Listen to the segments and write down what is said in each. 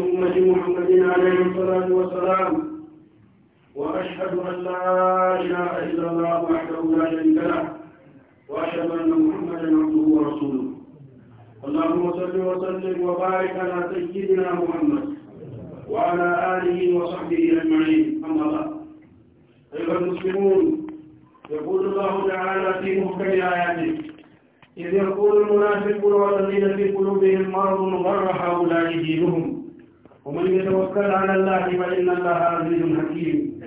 أمة محمد عليه الصلاة والسلام وأشهد أن لا إله إلا الله وحده لا شريك له وأشهد أن محمدا عبده ورسوله اللهم صل وسلم وبارك على سيدنا محمد وعلى آله وصحبه أجمعين أما بعد أيها المسلمون يقول الله تعالى في محكم آياته إذ يقول المنافقون والذين في قلوبهم مرض غر هؤلاء دينهم ومن يتوكل على الله فإن الله عزيز حكيم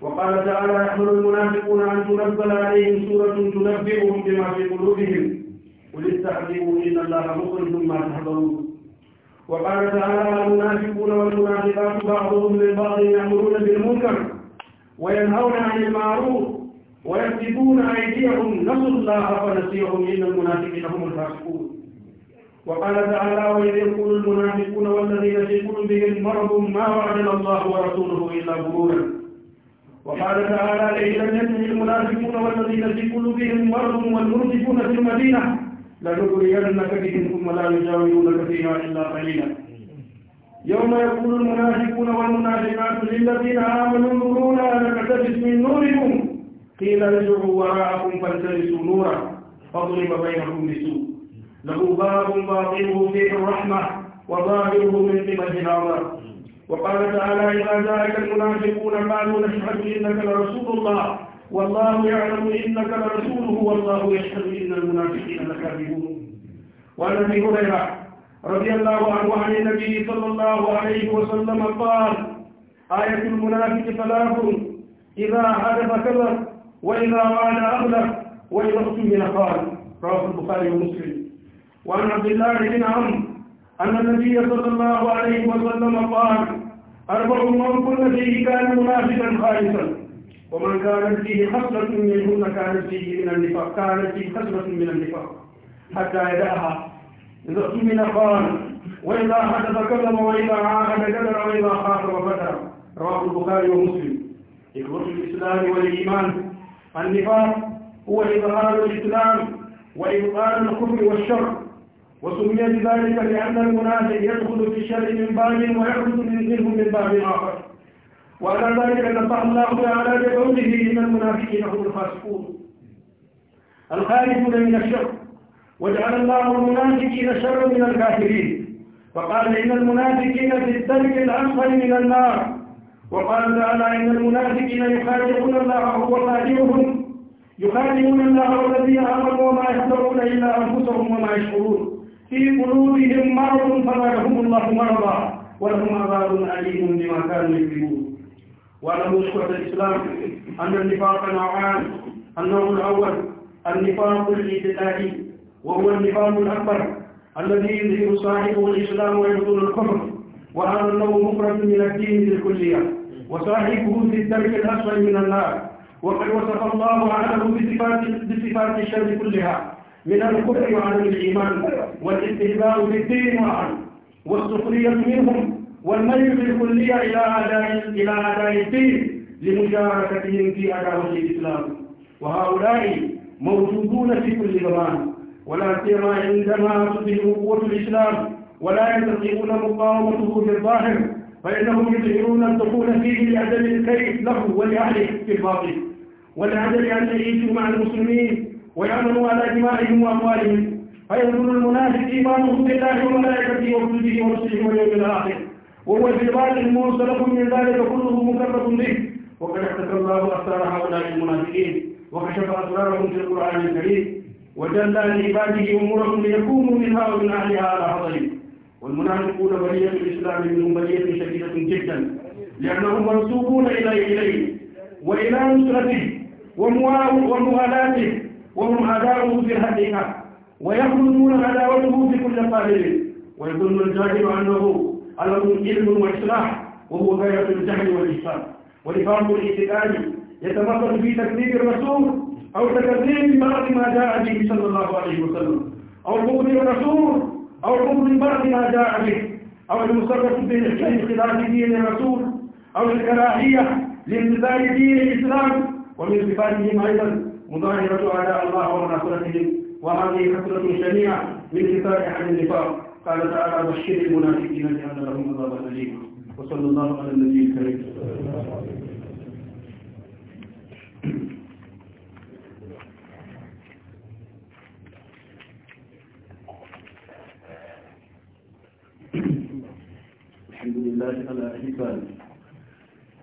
وقال تعالى يحمل المنافقون أن تنزل عليهم سورة تنبئهم بما في قلوبهم قل استحذروا إن الله مخرج ما تحذرون وقال تعالى المنافقون والمنافقات بعضهم للبعض يأمرون بالمنكر وينهون عن المعروف ويكتبون أيديهم نسوا الله فنسيهم إن المنافقين هم الفاسقون وقال تعالى وإذ يقول المنافقون والذين في قلوبهم مرض ما وعدنا الله ورسوله إلا غرورا وقال تعالى لئن لم يكن المنافقون والذين في قلوبهم مرض والمنفقون في المدينة لنغرينك بهم ثم لا يجاورونك فيها إلا قليلا يوم يقول المنافقون والمنافقات للذين آمنوا انظرونا نقتبس من نوركم قيل ارجعوا وراءكم فالتمسوا نورا فاضرب بينكم بسوء له باب باطنه فيه الرحمة وظاهره من قبل هذا وقال تعالى إذا ذلك المنافقون قالوا نشهد إنك لرسول الله والله يعلم إنك لرسوله والله يشهد إن المنافقين لكاذبون وعن أبي هريرة رضي الله عنه عن النبي صلى الله عليه وسلم قال آية المنافق ثلاث إذا حدث كذب وإذا قال أغلب وإذا اؤتمن قال رواه البخاري ومسلم وعن عبد الله بن عمرو أن النبي صلى الله عليه وسلم قال أربع من كل فيه كان منافقا خالصا ومن كانت فيه خصلة منهن كانت فيه من النفاق كانت فيه خصلة من النفاق حتى يدعها إذا اؤتمن قال وإذا حدث كلم وإذا عاهد كدر وإذا خاف وفتى رواه البخاري ومسلم إخوة الإسلام والإيمان النفاق هو إظهار الإسلام وإبطال الكفر والشر وسمي بذلك لأن المنافق يدخل في الشر من باب ويخرج منه من باب آخر وعلى ذلك نصح الله تعالى بقوله إن المنافقين هم الفاسقون الخارجون من الشر وجعل الله المنافقين شرا من الكافرين فقال إن المنافقين في الدرك الأسفل من النار وقال تعالى إن المنافقين يخادعون الله وهو خادعهم يخادعون الله والذين آمنوا وما يخدعون إلا أنفسهم وما يشعرون في قلوبهم مرض فزادهم الله مرضا ولهم عذاب أليم بما كانوا يكذبون واعلموا إخوة الإسلام أن النفاق نوعان النوع الأول النفاق الابتدائي وهو النفاق الأكبر الذي يظهر صاحبه الإسلام ويبطل الكفر وهذا النوع مفرد من الدين بالكلية وصاحبه في الدرك الأسفل من النار وقد وصف الله عنه بصفات بصفات الشر كلها من الكفر عن الإيمان والاستهزاء بالدين معا والسخرية منهم والميل بالكلية إلى أداء إلى أداء الدين لمشاركتهم في أداء الإسلام وهؤلاء موجودون في كل زمان ولا سيما عندما تظهر قوة الإسلام ولا يستطيعون مقاومته بالظاهر فإنهم يظهرون الدخول فيه لعدم الكيد له ولأهله في الباطل ولعدم أن يعيشوا مع المسلمين ويعملوا على دمائهم وأموالهم فيظن المنافق إيمانه بالله وملائكته وكتبه ورسله واليوم الآخر وهو في الباطل منسلخ من ذلك كله مكرر به وقد اختفى الله أسرار هؤلاء المنافقين وكشف أسرارهم في القرآن الكريم وجلى لعباده أمورهم ليكونوا منها ومن أهلها على حضره والمنافقون بلية الإسلام منهم بلية شديدة جدا لأنهم منسوبون إليه إليه وإلى نصرته وموالاته وهم عداوه في الحقيقة ويخلطون عداوته في كل قادر ويظن الجاهل أنه له علم وإصلاح وهو غاية الجهل والإحسان ولفرض الاعتقاد يتمثل في تكذيب الرسول أو تكذيب بعض ما جاء به صلى الله عليه وسلم أو بغض الرسول أو بغض بعض ما جاء به أو المصرف بإحكام خلاف دين الرسول أو الكراهية لامتثال دين الإسلام ومن صفاتهم أيضا مظاهرة أعداء الله ومناصرته وهذه كثرة شنيعة من كفاية عن النفاق قال تعالى بشر المنافقين لأن لهم عذابا أليما وصلى الله على النبي الكريم الحمد لله على إحسانه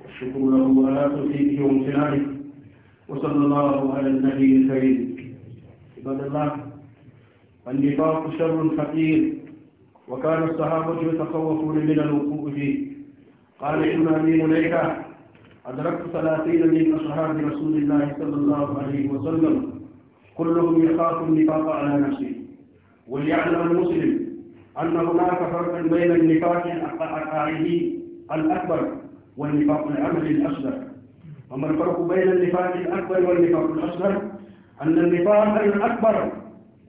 والشكر له على توفيقه وامتنانه وصلى الله على النبي الكريم عباد الله النفاق شر خطير وكان الصحابة يتخوفون من الوقوع فيه قال ابن أبي مليكة أدركت ثلاثين من أصحاب رسول الله صلى الله عليه وسلم كلهم يخاف النفاق على نفسه وليعلم المسلم أن هناك فرقا بين النفاق العقائدي الأكبر والنفاق العملي الأصغر وما الفرق بين النفاق الأكبر والنفاق الأصغر أن النفاق الأكبر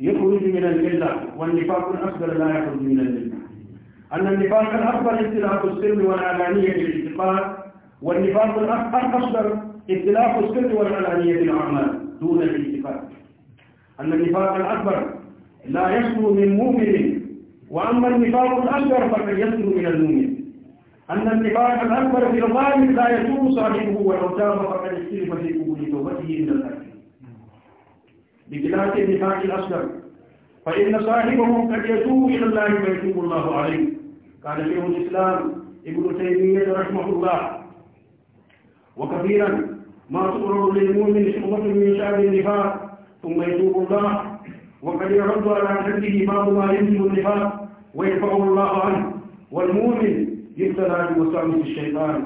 يخرج من الملة والنفاق الأصغر لا يخرج من الملة أن النفاق الأكبر اختلاف السر والعلانية بالاعتقاد والنفاق الأصغر اختلاف السر والعلانية بالأعمال دون الاعتقاد أن النفاق الأكبر لا يخلو من مؤمن وأما النفاق الأصغر فقد يخلو من المؤمن أن النفاق الأكبر في الظالم لا يتوب صاحبه ولو تاب فقد اختلف في قبول توبته من الأكل بخلاف النفاق الأصغر فإن صاحبه قد يتوب إلى الله فيتوب الله عليه قال شيخ الإسلام ابن تيمية رحمه الله وكثيرا ما تقرر للمؤمن شعبة من شعب النفاق ثم يتوب الله وقد يرد على نفسه بعض ما يجب النفاق ويدفعه الله عنه والمؤمن يبتلى بوساوس الشيطان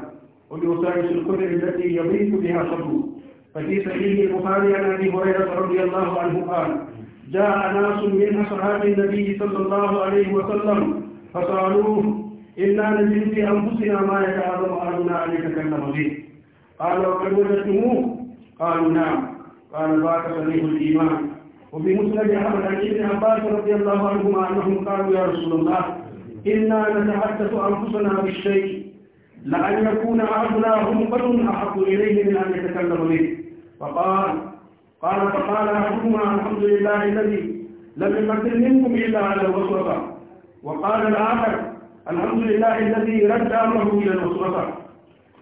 وبوساوس الكفر التي يضيق بها صدره ففي صحيح البخاري عن ابي هريره رضي الله عنه قال جاء ناس من اصحاب النبي صلى الله عليه وسلم فقالوا انا نجد في انفسنا ما يتعظم اهلنا ان يتكلم به قال وقد وجدتموه قالوا نعم قال ذاك صحيح الايمان وفي مسند احمد عن ابن عباس رضي الله عنهما انهم قالوا يا رسول الله إنا نتحدث أنفسنا بالشيء لأن يكون عبدنا هم بل أحق إليه من أن يتكلم به فقال قال فقال أحدهما الحمد لله الذي لم يمثل منكم إلا على الوسوسة وقال الآخر الحمد لله الذي رد أمره إلى الوسوسة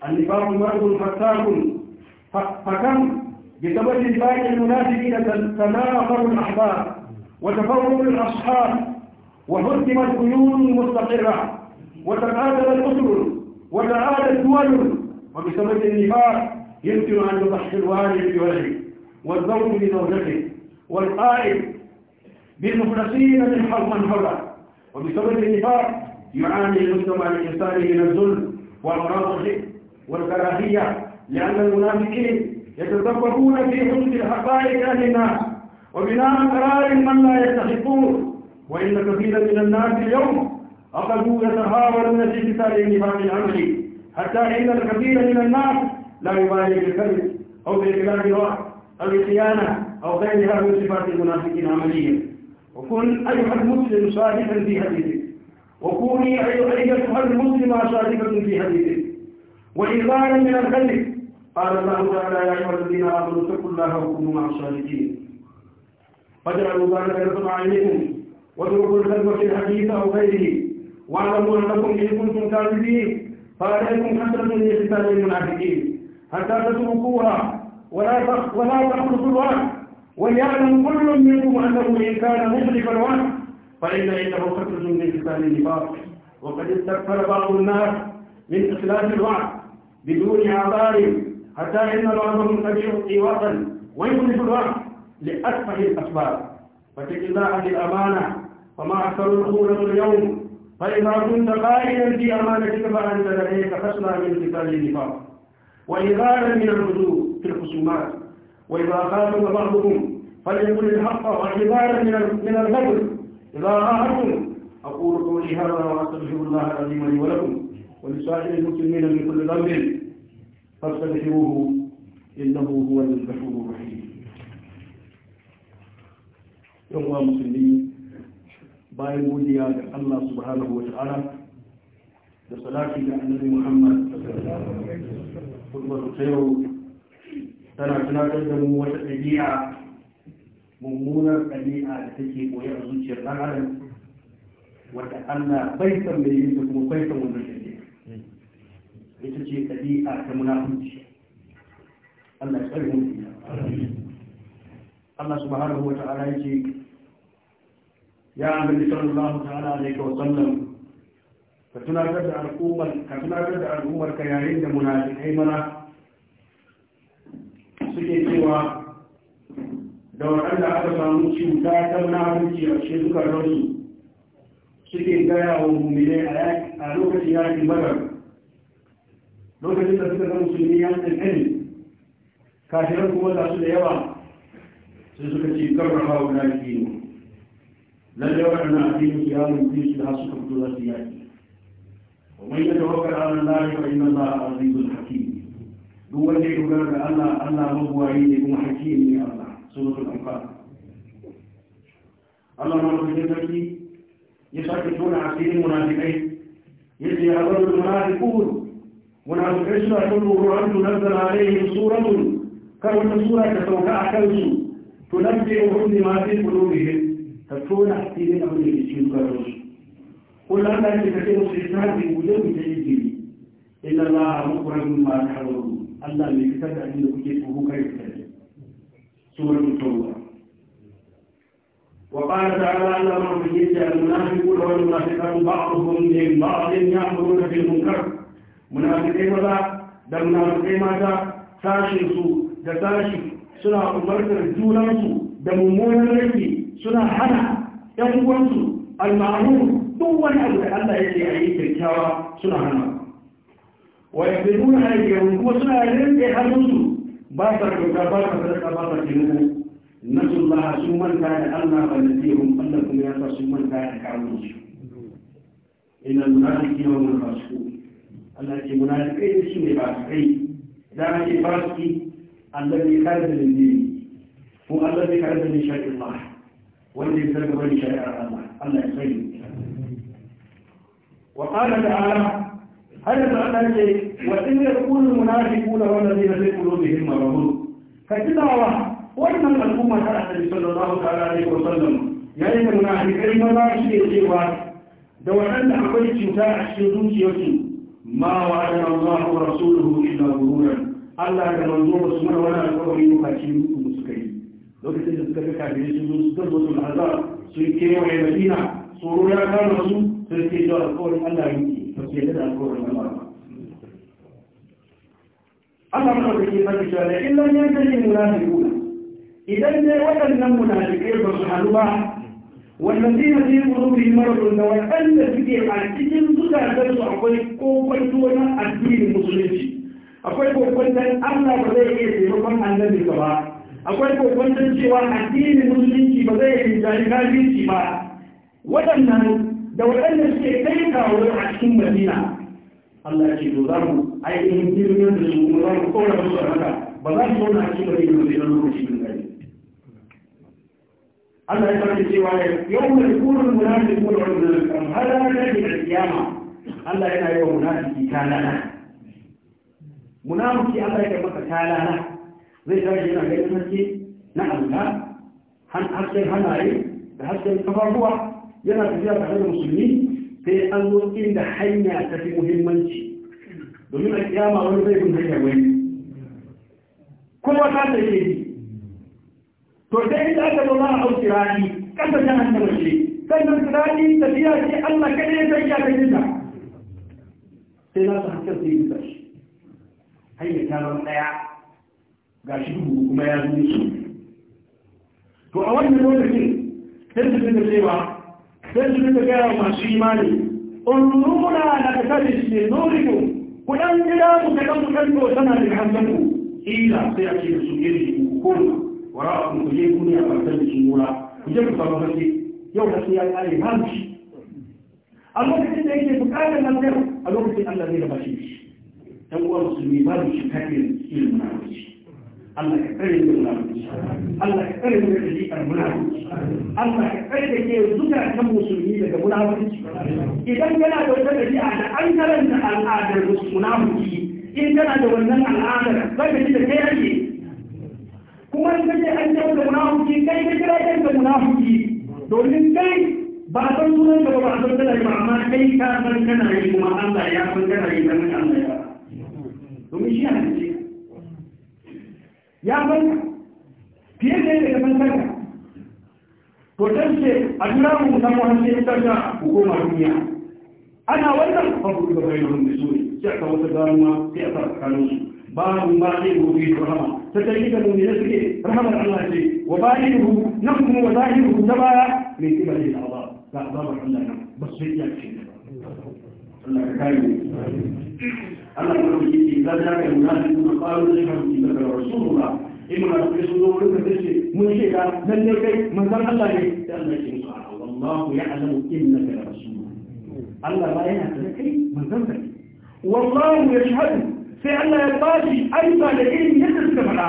النفاق مرض فتاك فكم بسبب الله المنافقين تنافر الأحباب وتفرق الأصحاب وهدمت بيوت مستقرة وتبادل الأسر وتعاد الدول وبسبب النفاق يمكن أن يضحي الوالد بولده والزوج بزوجته والقائد بالمخلصين من حظ من حره وبسبب النفاق يعاني المجتمع الإنساني من الذل والمناطق والكراهية لأن المنافقين يتسببون في حسن الحقائق أهل الناس وبناء قرار من لا يستحقون وإن كثيرا من الناس اليوم أخذوا يتهاونون في كتاب النفاق العملي حتى إن الكثير من الناس لا يبالي بالكذب أو بالكلام الواحد أو الخيانة أو غيرها من صفات المنافقين عمليا وكن أيها المسلم صادقا في حديثك وكوني أيها المسلمة صادقة في حديثك وإيمانا من الكذب قال الله تعالى يا أيها الذين آمنوا اتقوا الله وكونوا مع الصادقين فجعلوا ذلك يرفع عليكم واتركوا الخلف في الحديث أو غيره واعلموا أنكم إن كنتم كاذبين فعليكم من لقتال المنافقين حتى تتركوها ولا ولا تخلصوا الوعد وليعلم كل منكم أنه إن كان مخلف الوعد فإن إنه خطر من قتال النفاق وقد استكثر بعض الناس من إخلاف الوعد بدون أعذار حتى إن بعضهم يعطي إيواتا ويخلف الوعد لأسفه الأسباب فتجد الله الأمانة وما أكثر الخونة اليوم فإذا كنت قائلا في أمانتك فأنت لديك خشنة من قتال النفاق وإذالا من الغدو في الخصومات وإذا خاطب بعضهم فليقل الحق وحذارا من من الغدر إذا راهتم أقول قولي هذا وأستغفر الله العظيم لي ولكم ولسائر المسلمين من كل ذنب فاستغفروه إنه هو الغفور الرحيم. يوم المسلمين bayan godiya ga Allah subhanahu wa ta'ala da salati ga annabi Muhammad sallallahu alaihi tana tunatar da mu wata ɗabi'a mummunar ɗabi'a da take koyi a zuciyar ɗan adam wanda Allah bai san da yin kuma bai san wannan ɗabi'a ita ce ɗabi'a ta munafunci Allah ya tsare mu Allah subhanahu wa ta'ala yake ya annabi sallallahu ta'ala ta wa sallam ka tunatar da al'ummar ka tunatar da al'ummar ka yayin da munafikai mana suke cewa da waɗanda aka samu cuta ta munafiki a cikin suka rasu suke gaya wa mummune a lokacin yaƙin badar lokacin da suka zama musulmi ya tsanani kashirar kuma za su da yawa sai suka ce karrafa wa munafiki لن يوقعنا أبيه قيام في سلاس قبضة سياده ومن يتوكل على الله فإن الله عزيز حكيم هو الذي يقول ان ان هو عيد حكيم يا الله سورة الأنفال الله ما في يسكتون عسير المنافقين يجي هذول المنافقون منافقين سورة كله أن تنزل عليهم سورة كما سورة تتوقع كنسو تنبئهم لما في قلوبهم ta tona filin abin da ke cikin karfin su ko da an kaji kake da su ta hajji guje mu ta yi jiri ina za a makwarar ma ta haɗaru allah mai fitar da abin da kuke tsoho kai ta yi tsoron tsoron wa ta ala ala ma ke ta yi munafi ko da wani munafi ba a tsohon ne ba a tsohon ya fi rona fi munkar maza da munafi mata tashin su da tashi suna umartar junansu da mummunan rikin suna hana ɗan uwansu al-ma'ruf duk wani abu da Allah yake a yi kyakkyawa suna hana wa yaqulun ayyuhum kuma suna rinke hannunsu ba sa doka ba sa sadaka ba sa tilmu nasullah sun manta da Allah ba nasihum Allah kuma ya sa sun manta da kawo su ina munafiqina wa munafiqun Allah ke munafiqai da shi ne ba su kai da ake fasiki Allah ne kare da dindini ko Allah ne kare da shari'a wanda ya sarga wani shari'ar Allah Allah ya sani wa qala ta'ala har da Allah ke wa in yakunu munafiquna wal ladina fi qulubihim maradun ka tilawa wannan al'umma ta Annabi sallallahu alaihi wa sallam yayin da munafiqai ma ba su ke cewa da waɗanda akwai cuta a cikin zuciyarsu ma wa'adana Allah wa rasuluhu illa ghururan Allah ya manzo ba su mana wani alƙawari ba lokacin da suka kaka ne su zuwa suka zo su azab su yi kewaye madina tsoro ya kama su sai ke da alƙawarin allah yi ba su yadda da alƙawarin allah ba Allah mana da ke mafi cewa da illan yankan yin munafiquna idan dai waɗannan munafiqai ba su halu ba والذين في قلوبهم مرض وأن في أعتقد زكاة أقول كوكوي تونا الدين المسلمين أقول كوكوي أن الله بدأ يسير من النبي صلى الله عليه وسلم akwai kokwantar cewa addinin musulunci ba zai yi rinjaye kafirci ba waɗannan da waɗanda suke kai kawo a cikin madina Allah ce to za mu ainihin girgin da su kuma za mu kora musu a haka ba za su zauna a cikin madina da zai nan lokaci gari Allah ya sake cewa yau mai kurin da kuma da wani kan hada na da kiyama Allah yana yi wa munafiki talana munafiki Allah ya kai masa talana zai tashi yana ganin haske na Allah harshen hannaye da harshen kafafuwa yana tafiya tare da musulmi sai an zo inda hanya ta fi muhimmanci domin a kiyama wani zai bin hanya wani kowa ta ta yi to sai inda aka zo za a auki rani kasa ta hannun mace sannan rani tafiya ce Allah kada ya zai ya gaji ta sai za su hankali sai yi tashi hanya ta zama ɗaya ga shi duhu kuma ya zo su to a wannan lokacin sai su dinga cewa sai su dinga gaya masu imani unzuruna na kasari ne nuriku ku dan gida ku ka kaɗan ku kanto sana da ku ila sai a ce da su iri ku koma wara'akun ku je duniya ba ta da shi nura ku je ku samu haske yau da haske ya kare ba shi a lokacin da yake bukatar nan a lokacin Allah zai raba shi ɗan uwa musulmi ba shi kafin ilmin na wuce Allah ka tsare da na Allah ya tsare mu da jikar munafiki Allah ka tsare da ke zukatan musulmi daga munafiki idan kana da wata dabi'a da an karanta al'adar munafiki in kana da wannan al'adar zaka ji da kai ake kuma in kace an ce da munafiki kai ka kira kai da munafiki domin kai ba san sunan ka ba san kana ba amma kai ka san kana yi kuma Allah ya san kana yi dan Allah ya domin shi ne ya banta fiye da yadda ya banta to dan ce a jira mu san wannan sai ta ga hukuma duniya ana wannan fa ku ga bayanan da su sai ka wata garuwa sai a tsakanin su babu ma sai ku bi rahama ta kai da mu ne suke rahamar Allah ce wa bayihu nafsu wa zahiru tabara min kibali Allah ga babar Allah nan ba sai ya ce Allah ka kai أنا أقول لك إذا جاءك المنافقون قالوا نشهد إنك رسول الله إن منافقين دول كتشي من يكي من كان الله يكي الله يكي والله يعلم إنك رسول الله لا يعلم من ذنبك والله يشهد في أن يباشي أيضا لإن يتسكبنا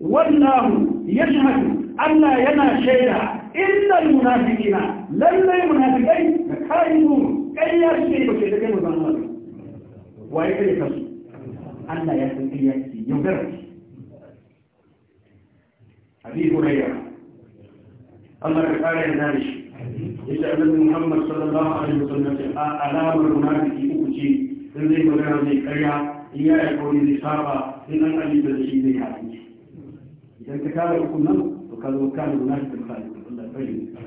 والله يشهد أن ينا شيئا إلا المنافقين لما المنافقين كاذبون كي يشهد بشيء كي مظلمين waye kare kansu Allah ya san kai yaki yaudar Abi Hurairah Allah ka kare da nare shi yace Annabi Muhammad sallallahu alaihi wasallam ce alamar munafiki uku ce in zai magana zai karya in ya yi kauri zai saba in an alita da shi zai haɗu idan ka kare uku nan to ka zo kana munafiki ka Allah ya kare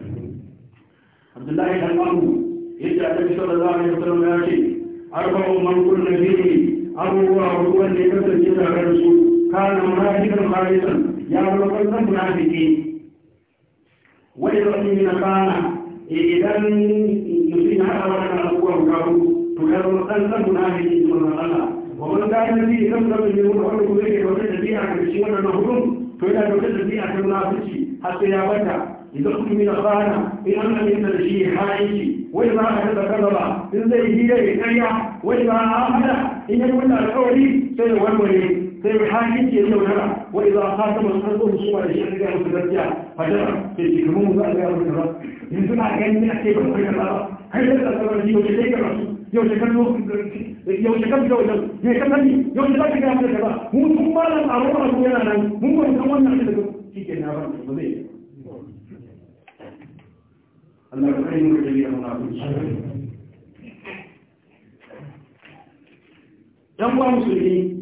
Abdullahi dan Amru yace Annabi sallallahu alaihi wasallam ya ce arba'u man kunna bihi abubuwa hudu wanda ya kasance tare da su kana munafiqan khalisan ya zama kansan munafiki wa idan min idan mutum ya haɗa wannan abubuwa guda hudu to ya zama kansan munafiki na Allah wa man kana bihi kan zama ne wanda wanda kuma yake wata tabi'a a cikin wannan hudun to yana da ta munafiki har sai ya bata idan mutum ya kana in shi ya haɗe wai ma da yadda in zai hira ya karya wai a hada in yi wani alkawari sai ya warware sai ya hakin ke yaudara wai za a kasa masu karɓar da suwa da shi a gaya musu gaskiya fadara sai shi kuma mu za a ba in suna ganin a ce ba kai kaza ba kai da tsakarar yau da kai karatu yau da kallo yau da kallo yau da kallo yau da kallo yau da kallo kun malam a ruwa nan mun kun san wannan shi da shi ke na ba da zai Allah ya kai mu da yi munafiki dan ba musulmi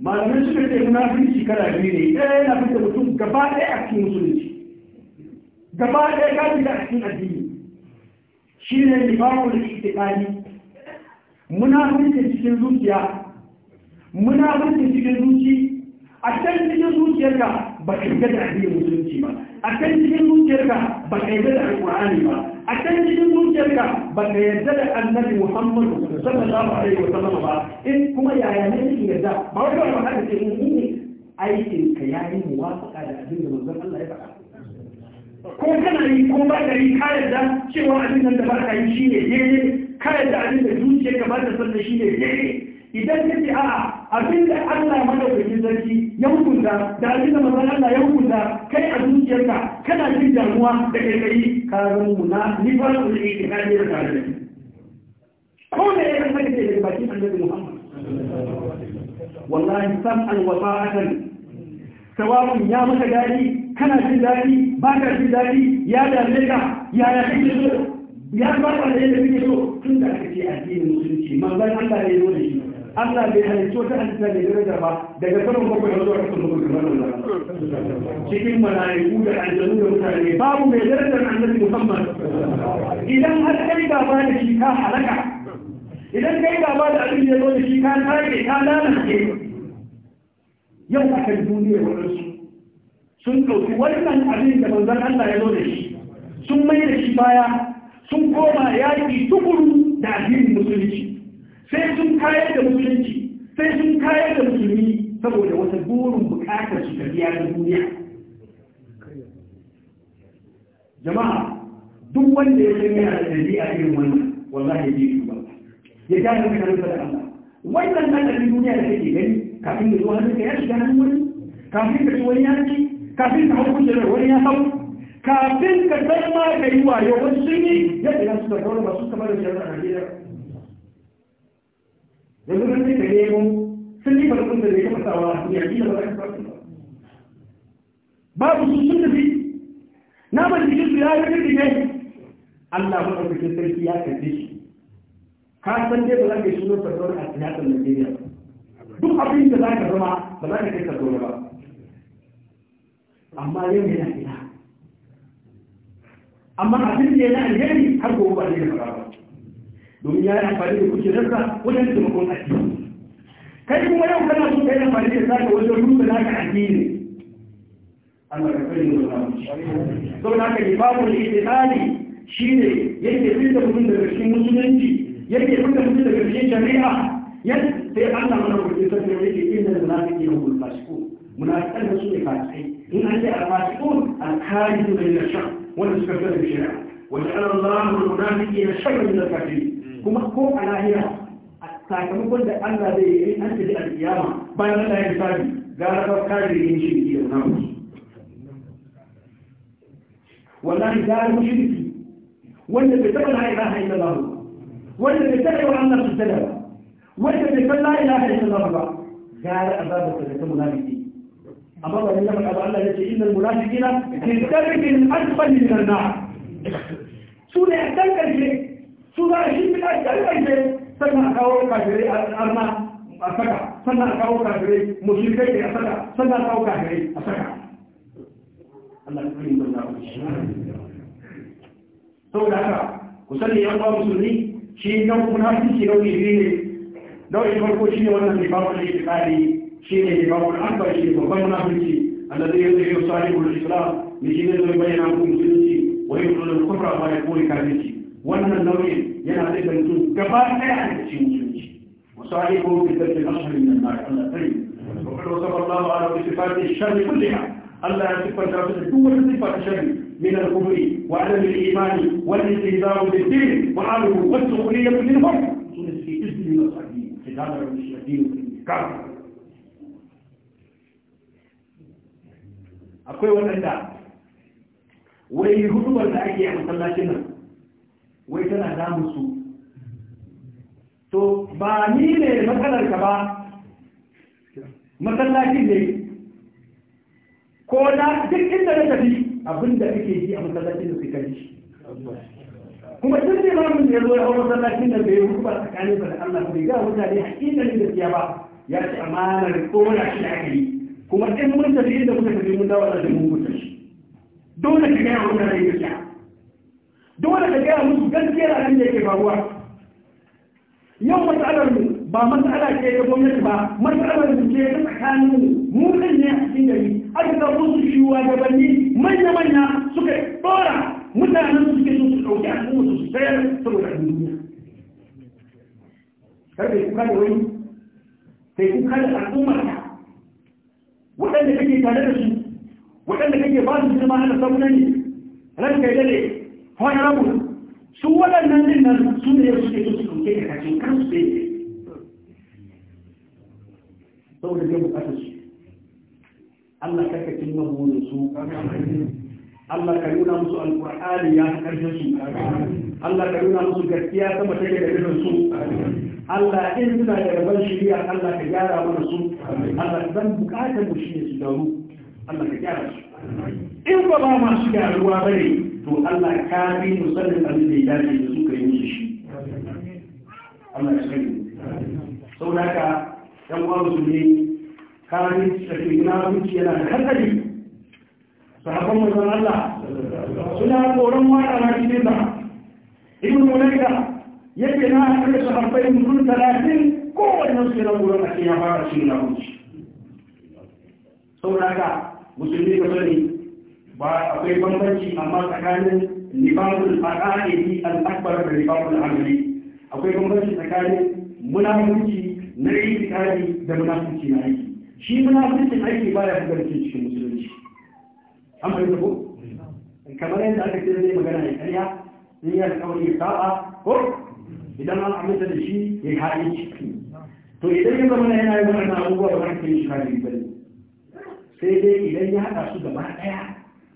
malamai suka ce munafiki kala biyu ne ɗaya yana fita mutum gaba ɗaya a cikin musulunci gaba ɗaya ka fita a cikin addini shi ne nifaqul itiqadi munafiki cikin zuciya munafiki cikin zuci a can cikin zuciyarka ba ka yi da addinin musulunci ba a kan cikin zuciyarka ba ka yi da alƙur'ani ba a kan cikin zuciyarka ba ka yarda da annabi muhammadu sallallahu alaihi wa sallam ba in kuma yaya ne kake yarda ba wai ba haka ce in ne aikin ka yayi muwafaqa da abin da manzon Allah ya faɗa ko kana yi ko ba ka yi ka yarda cewa abin da ba ka yi ne daidai ka yarda abin da zuciyarka ba ta san da shine daidai idan ka ce a'a abin da Allah madaukakin sarki ya hukunta da abin mazan Allah ya hukunta kai a zuciyarka kana jin damuwa da kai ka zama muna ni ba su yi da kai da tare da ko ne ya san kake da bakin annabi Muhammad wallahi sam al wasa'atan sawabun ya maka dadi kana jin dadi ba ka jin dadi ya dame ka ya ya kike so ya ba ka da yadda kike so tun da kake addinin musulunci manzon Allah ya yi da shi Allah bai halicci wata halitta da daraja ba daga saman bakwai zuwa kasan bakwai kamar Allah cikin mala'iku da aljanu da mutane babu mai darajar annabi Muhammad idan har kai gaba da shi ka halaka idan kai gaba da abin da ya zo da shi ka tsare ka lalace yau a kan duniya waɗansu sun ɗauki wannan abin da manzon Allah ya zo da shi sun mai da shi baya sun koma yaƙi tukuru da addinin musulunci sai sun kayar da musulunci sai sun kayar da musulmi saboda wata burin bukatar su tafiya da duniya jama'a duk wanda ya san yana da dabi'a irin wannan wallahi bai yi ba ya gane kan da Allah wannan nan da duniya da kake gani kafin da zuwa ka ya shiga hannun wani kafin ka shi wani ya ci kafin ka hau kujerar wani ya hau kafin ka zama ka yi wayo wani sun yi yadda ya suka kawo masu kamar da shi a Najeriya sun ce ka nemo sun yi farkon da zai kafa sawa su duniya da ba za ka farkon ba babu su sun tafi naman jikin su ya yi rage ne Allah ba ɗaukakin sarki ya karɓe shi ka san dai ba za ka yi sunan fasawar a siyasar Najeriya duk abin da za ka zama ba za ka kai ka ba amma yau ne yana ina amma abin da yana alheri har gobe ba zai da ba domin ya yi amfani da kuke kujerarsa wajen taimakon addini kai kuma yau kana so kai amfani da zaka wajen rusa naka addini Allah ka kare mu da naka imamu al-ihtimali shine yake fitar mutum daga cikin musulunci yake fitar mutum daga cikin shari'a yadda sai Allah mana kuɗi sai yake inda munafiqina hum fasiqun munafiqan da su ne fasiqai إن أنت الفاسقون الخارج من الشر والمستقبل بالشرع وجعل الله المنافقين شر من الكافرين كما قوم على هنا sakamakon da Allah zai yi an tafi a kiyama bayan Allah ya misali gara ba kare yin shi ne yau na musu wallahi gara mu shirki wanda bai taɓa la ilaha illallah ba wanda bai taɓa wa Allah sujjada ba wanda bai san la ilaha illallah ba gara azabar da ta munafiki amma ba ne ba Allah ya ce innal munafiqina fi darkin asfal min an-nar su ne a kan karshe su za a shi bi a kan karshe sannan a kawo kafirai arna a saka sannan a kawo kafirai mushrikai ne a saka sannan a kawo kafirai a saka Allah ya kare mun da saboda haka ku sani yan uwa musulmi shi nan kuma shi nauyi biyu ne nau'in farko shi ne wannan libabun itikadi shi ne libabun akbar shi ne babban munafiki alladhi yadhiru sahibu al-islam bi shi ne zai bayyana ku musulunci wa yudul kufra ma yakuni kafirci wannan nau'in يعني وصاحبه في ذلك الأشهر من النار على طيب وقد وصف الله على صفات الشر كلها ألا يصف كل صفة الشر من الكفر وعدم الإيمان والاستهزاء بالدين وعاله والسخرية بالحكم سنة في إذن المصحفين في المشركين والإنكار akwai اقول لك لا. ويقولوا ake a masallacin wai tana damu su to ba ni ne matsalar ka ba masallaci ne ko na duk inda na tafi abinda kake ake ji a masallacin da suka kai. kuma duk da imamin da ya zo ya hau masallacin da bai rufa tsakanin sa da Allah bai ga hakika ne da siya ba ya ci amanar kona shi da aka yi kuma in mun tafi inda muka tafi mun dawo da mun mutunci dole ka ga mutane da siya dole ka gaya musu gaskiyar abin da yake faruwa yau matsalar mu ba matsala ce ta gwamnati ba matsalar mu ce ta tsakanin mu kan ne a cikin gari aka samu su shiwa gabanni manya manya suka dora mutanen su suke so su dauki cikin su sayar saboda duniya kar kai kuka da wani kai kuka da ka, waɗanda kake tare da su waɗanda kake ba su girma ana sabunan ne ranka dade Kawai honorable su waɗannan din nan su ne suke su suke da kacin kansu da yake saboda zai bukatar su Allah karka cimma burin su Allah ka nuna musu alƙur'ani ya fi ƙarfin su Allah ka nuna musu gaskiya sama take da irin su Allah in suna da gaban shirya Allah ka gyara mana su Allah zan bukatar mu shi ne su daru Allah ka gyara su in ba ma masu gyaruwa ne. to Allah ka bi musallin abin da ya dace da suka yi mishi shi Allah ya sani sau da haka ɗan uwa musulmi kafin shafi na wuce yana da hankali sahabban manzon Allah suna koron wata na cikin ba ibn mulaika yake na hankali sahabbai mutum talatin kowanne su yana koron a cikin ya fara shi na wuce sau da haka musulmi ka sani ba akwai bambanci amma tsakanin nifaqul aqaidi an akbar da nifaqul amali akwai bambanci tsakanin munafunci na tsari da munafunci na aiki shi munafikin aiki baya bugarci cikin musulunci an fahimta ko kamar yadda aka ce zai magana ya karya in yi alkawari ya sa'a ko idan an aminta da shi ya haɗe ciki to idan ya zama yana yi wannan abubuwa ba yi shi haɗe ba sai dai idan ya haɗa su gaba ɗaya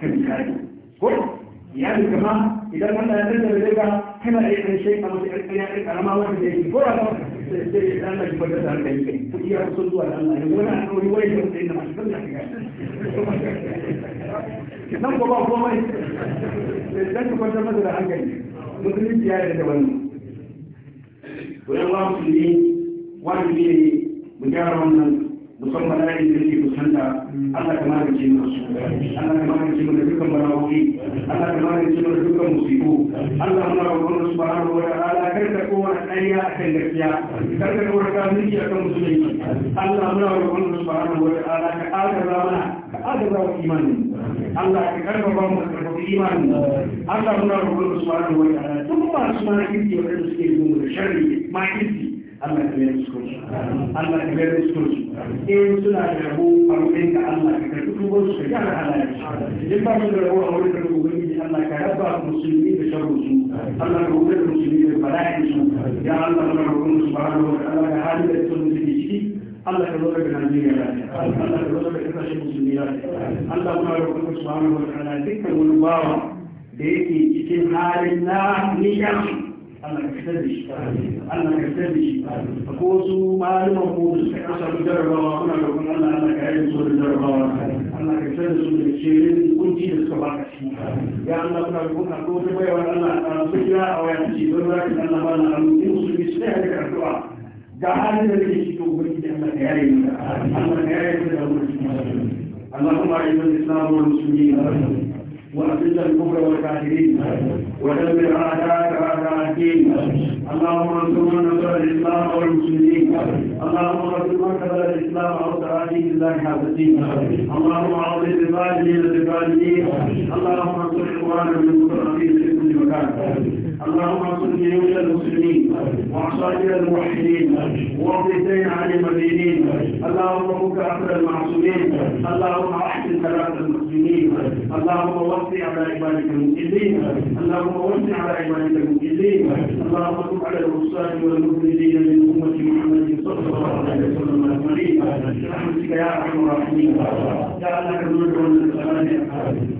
kan kare ko iyali kama idan wanda ya tattara daga kana yi yakan shai a masu ƙarƙariya ɗin ƙarama wanda ya yi ko a kama sai ya ɗan lafi wadda da hankali kai ku iya sun zuwa da Allah ya wani a ɗauri wani da mutane da masu zanga shiga nan ko ba komai dan ka kwantar masa da hankali musulunci ya yarda da wannan to yan wa musulmi wajibi ne mu gyara wannan musamman na yin yake kusanta Allah ka magance mana su Allah magance mana dukkan barawoyi Allah ka magance mana dukkan musibu Allah muna roƙon su subhanahu wa ta'ala kar ka kowa ɗaya akan gaskiya kar ka kowa ka miki akan musulunci Allah muna roƙon su subhanahu wa ta'ala ka adaba mana ka adaba wa imanin Allah ka karfafa mu ka imanin Allah muna roƙon su subhanahu wa ta'ala duk masu mana kirki wanda suke yi mu da sharri ma kirki Allah ka yi kuskuci Allah ka yi kuskuci in suna da rabo a wurin ka Allah ka karɓi tubar su ka gyara halayen in ba su da rabo a wurin ka da ubangiji Allah ka raba musulmi da sharru su Allah ka wurin musulmi da bala'in su ya Allah ka roƙon su ba da Allah ka halin da su suke ciki الله يرضى بك نجيا الله يرضى بك نجيا المسلمين الله ما يرضى سبحانه وتعالى ذكر المبارك بيتي في حال الله نجاح Allah ka fitar da shi Allah ka fitar da shi ko wasu malaman ko da suka kasa da jarabawa kuna da kuma Allah Allah ka yi su da jarabawa Allah ka fitar da su da shirin kunci da suka baka shi ya Allah kuna da kuma ko ta bayar Allah a kira a waya ci. don zaki Allah ba na alu in su bi sai da addu'a ga halin da kake shi to gurin da Allah ka yare mu Allah ka yare mu da mu اللهم اعز الاسلام والمسلمين واذل الكفر والكافرين ودبر اعداءك اعداء الدين اللهم انصر نصر الاسلام والمسلمين اللهم انصر من كفر الاسلام واستعاذه الله هذا اللهم اعوذ بالظالمين الظالمين اللهم انصر اخواننا المستضعفين في كل مكان اللهم صل على المسلمين وعصائر الموحدين وارض عن المدينين اللهم فك عبد المعصومين اللهم احسن ثلاث المسلمين اللهم وفق على عبادك المسلمين اللهم وسع على عبادك المسلمين اللهم تب على الرسال والمؤمنين من امه محمد صلى الله عليه وسلم اجمعين برحمتك يا ارحم الراحمين جعلنا كنوز من السلام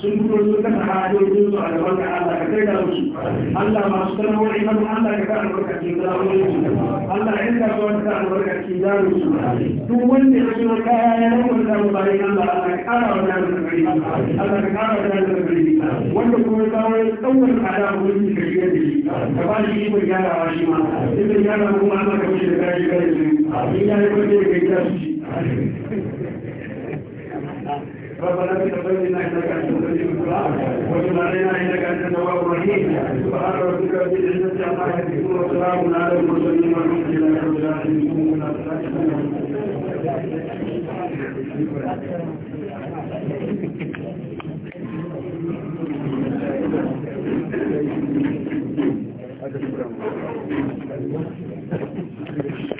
sun fito sun kasa hajjojin su a gaban ka Allah ka kai da wuce Allah masu sanarwa imanu Allah ka kara barka cikin zarurin su Allah ya ka zuwa ka kara barka cikin zarurin su duk wanda ya zo kaya ya rabu da mu bayan Allah Allah ka kara wa da gari Allah ka kara wa da gari wanda kuma ya kawo ya tsawon mun wurin da shi da shi ka ba shi ikon gyara wa shi ma in da gyara kuma Allah ka mishi da kayan shi ya yi kwaje kai ta su ربنا في قبلنا انك انت الذي الدعاء وجب علينا انك انت التواب الرحيم سبحان ربك رب العزه عما يصفون وسلام على المرسلين والحمد لله رب العالمين Thank you.